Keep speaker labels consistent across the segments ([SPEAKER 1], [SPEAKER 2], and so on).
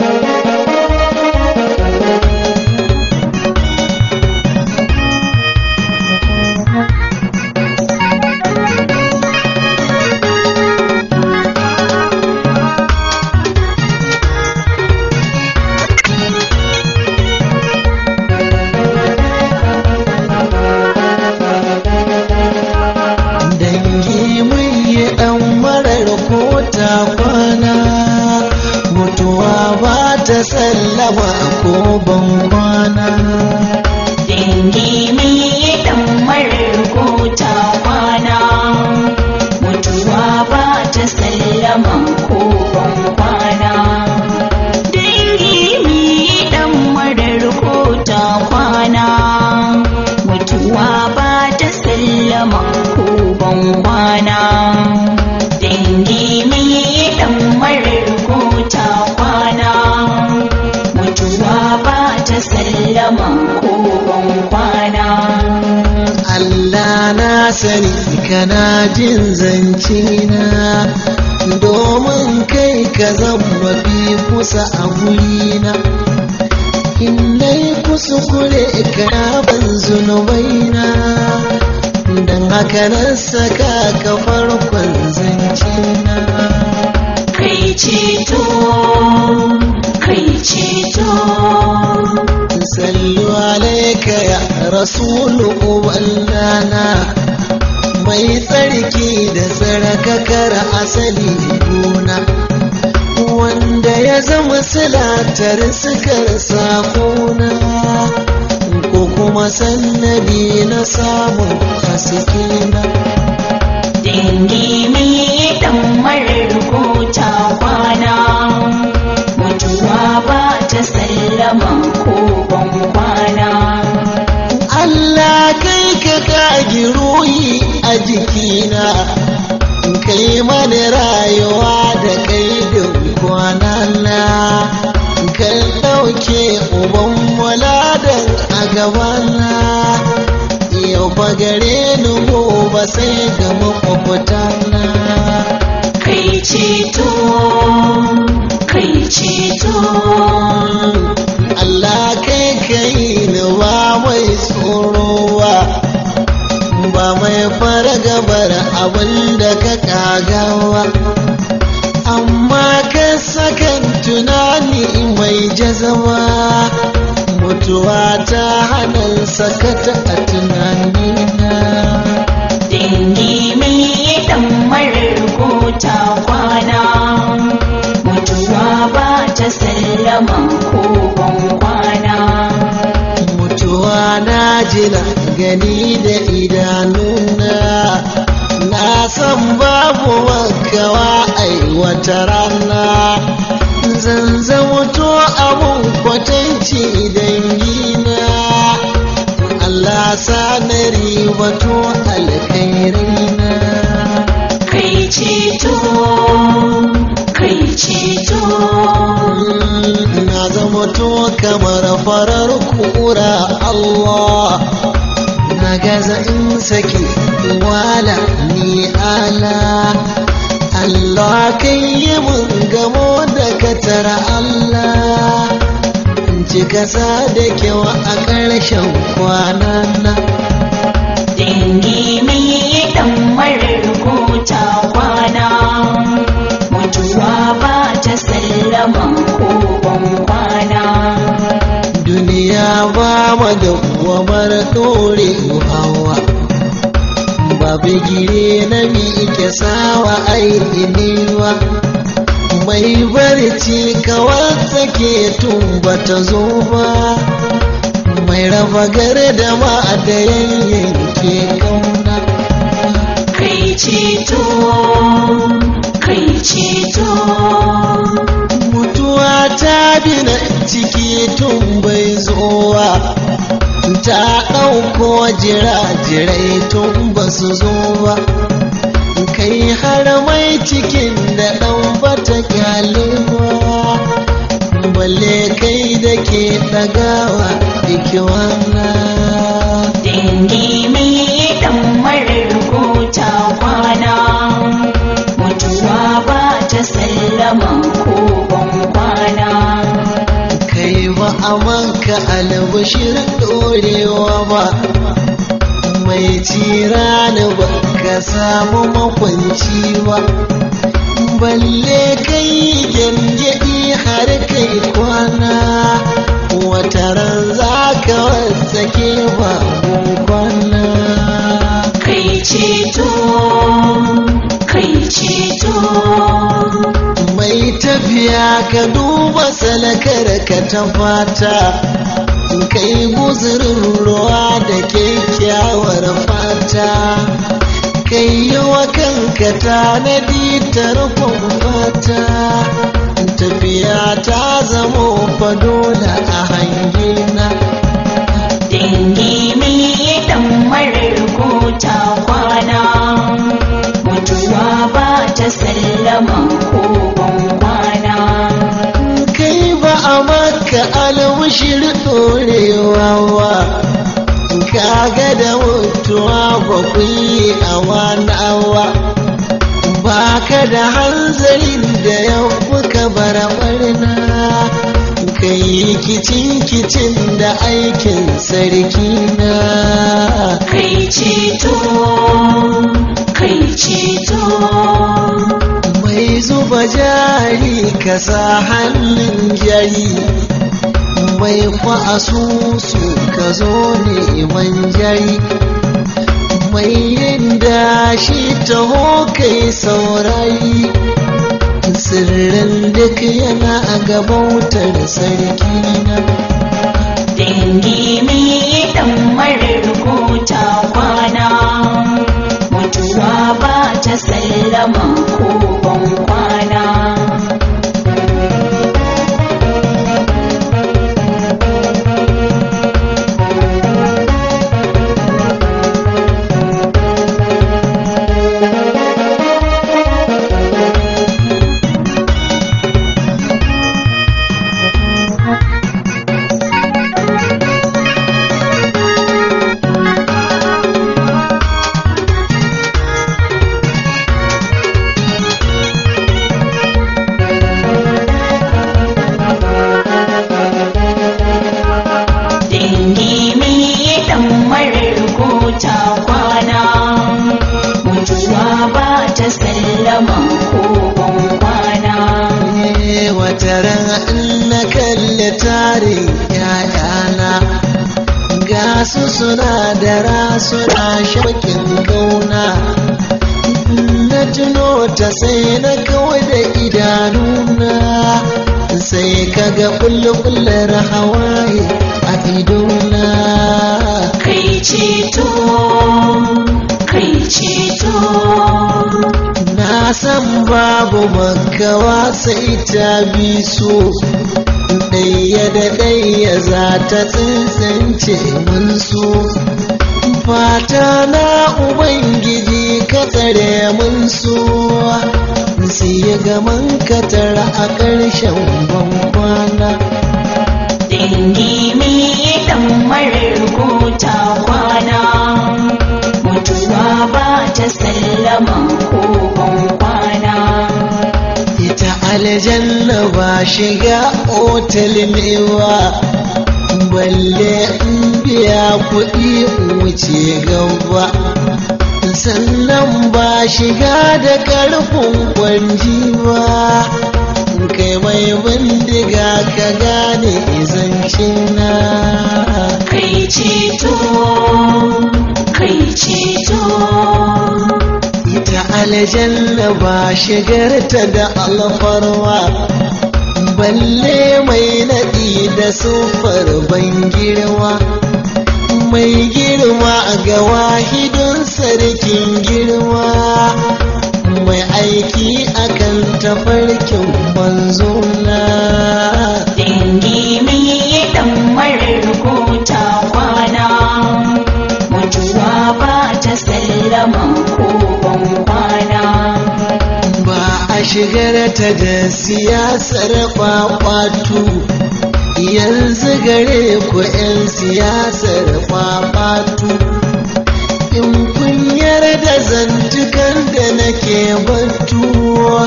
[SPEAKER 1] Thank you.
[SPEAKER 2] ta sallama ko ban kwana. Dangi mai
[SPEAKER 1] sallama kogon kwana Allah na sani kana jin zance na domin kai ka zama fi kusa a gurina in kuskure kana ban zunubaina don haka na saka ka farkon zance na kai ceto mai ceto sallu alaika ya rasulu uballana mai tsarki da sarakakar asali juna. wanda ya zama silatar sukar sakona ko kuma sannadi na samun haske na
[SPEAKER 2] dingi mai
[SPEAKER 1] jikina in kai mani rayuwa da kai da kwanana kan ɗauke uban muladan a gabana yau ba gare ni ba sai ga makwabtana kai ceto kai ceto zama mutuwa ta hannun sakata a tunanina dingi mai yi
[SPEAKER 2] marar ta kwana mutuwa ba ta
[SPEAKER 1] sallama ko kwana mutuwa na jina gani da idanuna na san babu wankawa ai wata rana zanzan abun kwatanci dangi na Allah sanari wato alkhairi na kai ceto kai ceto na zama to kamar farar kura Allah na gaza in saki wala ni ala Allah kai yi gasa da kyau a ƙarshen kwanana dangi mai dan marar
[SPEAKER 2] kwana mutuwa ba ta sallaman
[SPEAKER 1] kogon
[SPEAKER 2] kwana
[SPEAKER 1] duniya ba ma da kuwamar hawa. ba bigire na mi ke sawa ainihin mai barci kawar take tun ta zo ba mai raba gare da ma da yayyanke kauna kai ceto kai ceto mutuwa ta bina ciki tun bai zowa ta ɗauko jira-jirai tun ba su zo ba Karamai cikin da ɗan bata kyalewa balle kai da ke ɗagawa ikiwana dangi mai ɗan marar kota kwana mutuwa ba ta sallama ko kwana kai ba amanka albashir ɗorewa ba mai tira na ba ka samu makwanci ba balle kai gyangyaɗi har kai kwana wataran za ka wasake ba kwana kai ceto kai ceto mai tafiya ka duba salakar ka ta fata kai guzur yiwa wa kanka tanadi ta rufin fata tafiya ta zamo fadola a hangina dangi
[SPEAKER 2] mai dan marar ko ta kwana mutuwa ba ta sallama ko kwana
[SPEAKER 1] kai ba a maka alwashir dorewa kaga da mutuwa ba ku yi awa na awa ba ka da hanzarin da ya kuka bara barna ka yi kicin kicin da aikin sarki na kai ceto kai ceto mai zuba jari ka sa hannun jari bai kwa asusu ka zo jari mai yin da shi taho kai saurayi sirrin duk yana a gabautar sarki na dangi mai dan
[SPEAKER 2] marar kwana mutuwa ba ta sallama
[SPEAKER 1] na tuno ta sai na kawai da idanuna sai kaga ga kullar hawaye a idona kai ceto kai ceto na san babu makawa sai ta bi so ɗaya da ɗaya za ta tsintsance mun so fata na ubangiji ka tsare mun su siya gaman tara a ƙarshen bambana dindimi mi dan marar ta kwana mutuwa ba ta sallama ko aljanna ba shiga otal ne ba balle in biya kuɗi ce gaba sannan ba shiga da karfin kwanji ba kai mai bindiga ka gane izancin na kai ceto kai ceto ita aljanna ba shigar ta da alfarwa balle mai naɗi da sufar bangirwa mai girma ga wahidun sarkin girma mai aiki akan tafarkin manzona dangi mai yi damar rubuta kwana mutuwa ba ta sallama ko kwana ba a shigar ta da siyasar kwakwatu yanzu gare ku 'yan siyasar kwamatu in kun da zantukan da nake batuwa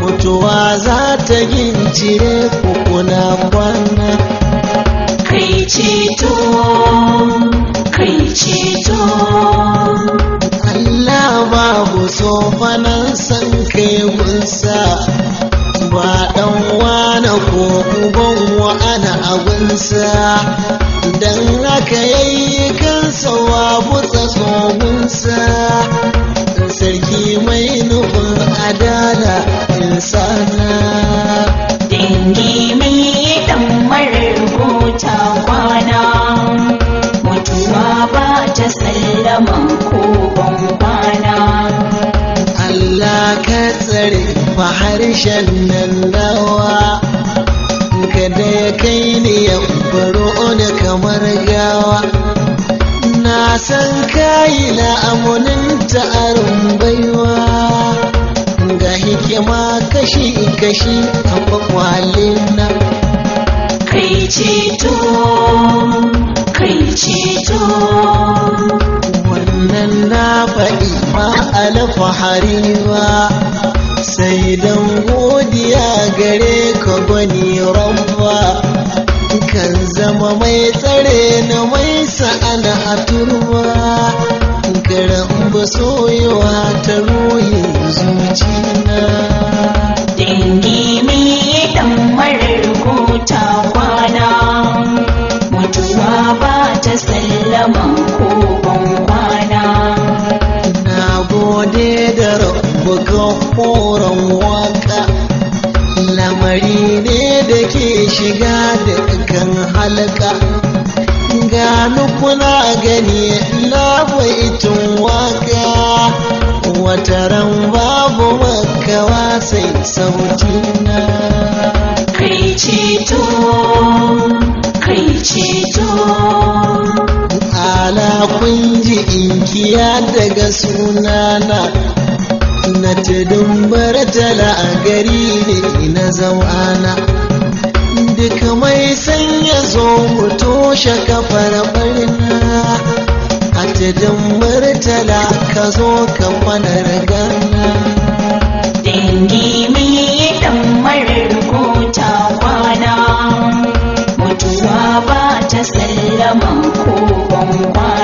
[SPEAKER 1] mutuwa za ta gincire ku
[SPEAKER 2] kuna kwana kai ceto
[SPEAKER 1] kai ceto Allah babu sofanan san kai gunsa hagunsa don aka yayi kansa wa tsohonsa sarki mai nufin adala insana dangi
[SPEAKER 2] mai dan marar kwana mutuwa
[SPEAKER 1] ba ta sallama ko ban kwana Allah ka tsare fa harshen nan nawa da kai ne ya baro da kamar gawa na san kayi la'amunin ta'arin baiwa ga hikima kashi-kashi a kwakwalin nan. kai ceto kai ceto wannan na faɗi ba alfahari ba sai don godiya gare ka gwani rabba kan zama mai tsare na mai sa'ana a turba gara ba soyewa ta ruhin
[SPEAKER 2] zuciya dangi mai dan marar kwana mutuwa ba ta sallama
[SPEAKER 1] ko shiga da dukkan halka gano kuna gani lawaitin waka wataran babu makawa sai na. kai ceto kai ceto ala kunji inkiya daga sunana na tudun bar tala a gari ne na zau'ana duk mai san ya zo mu toshe kafar barna a tudun murtala ka zo ka manar gana
[SPEAKER 2] dangi mi dan marar ta kwana mutuwa ba ta sallama ko kwana.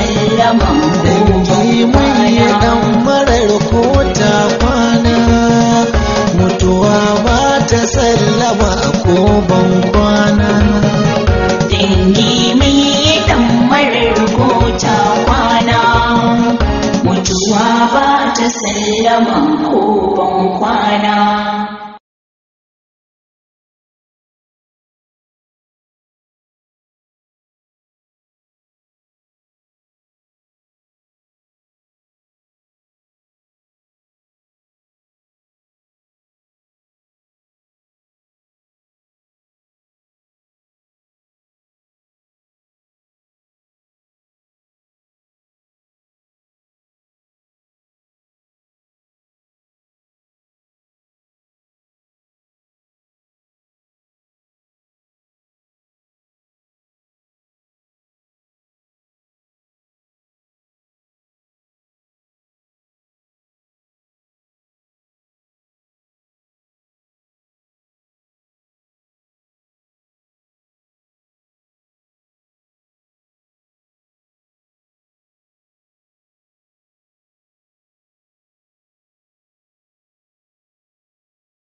[SPEAKER 1] Mama.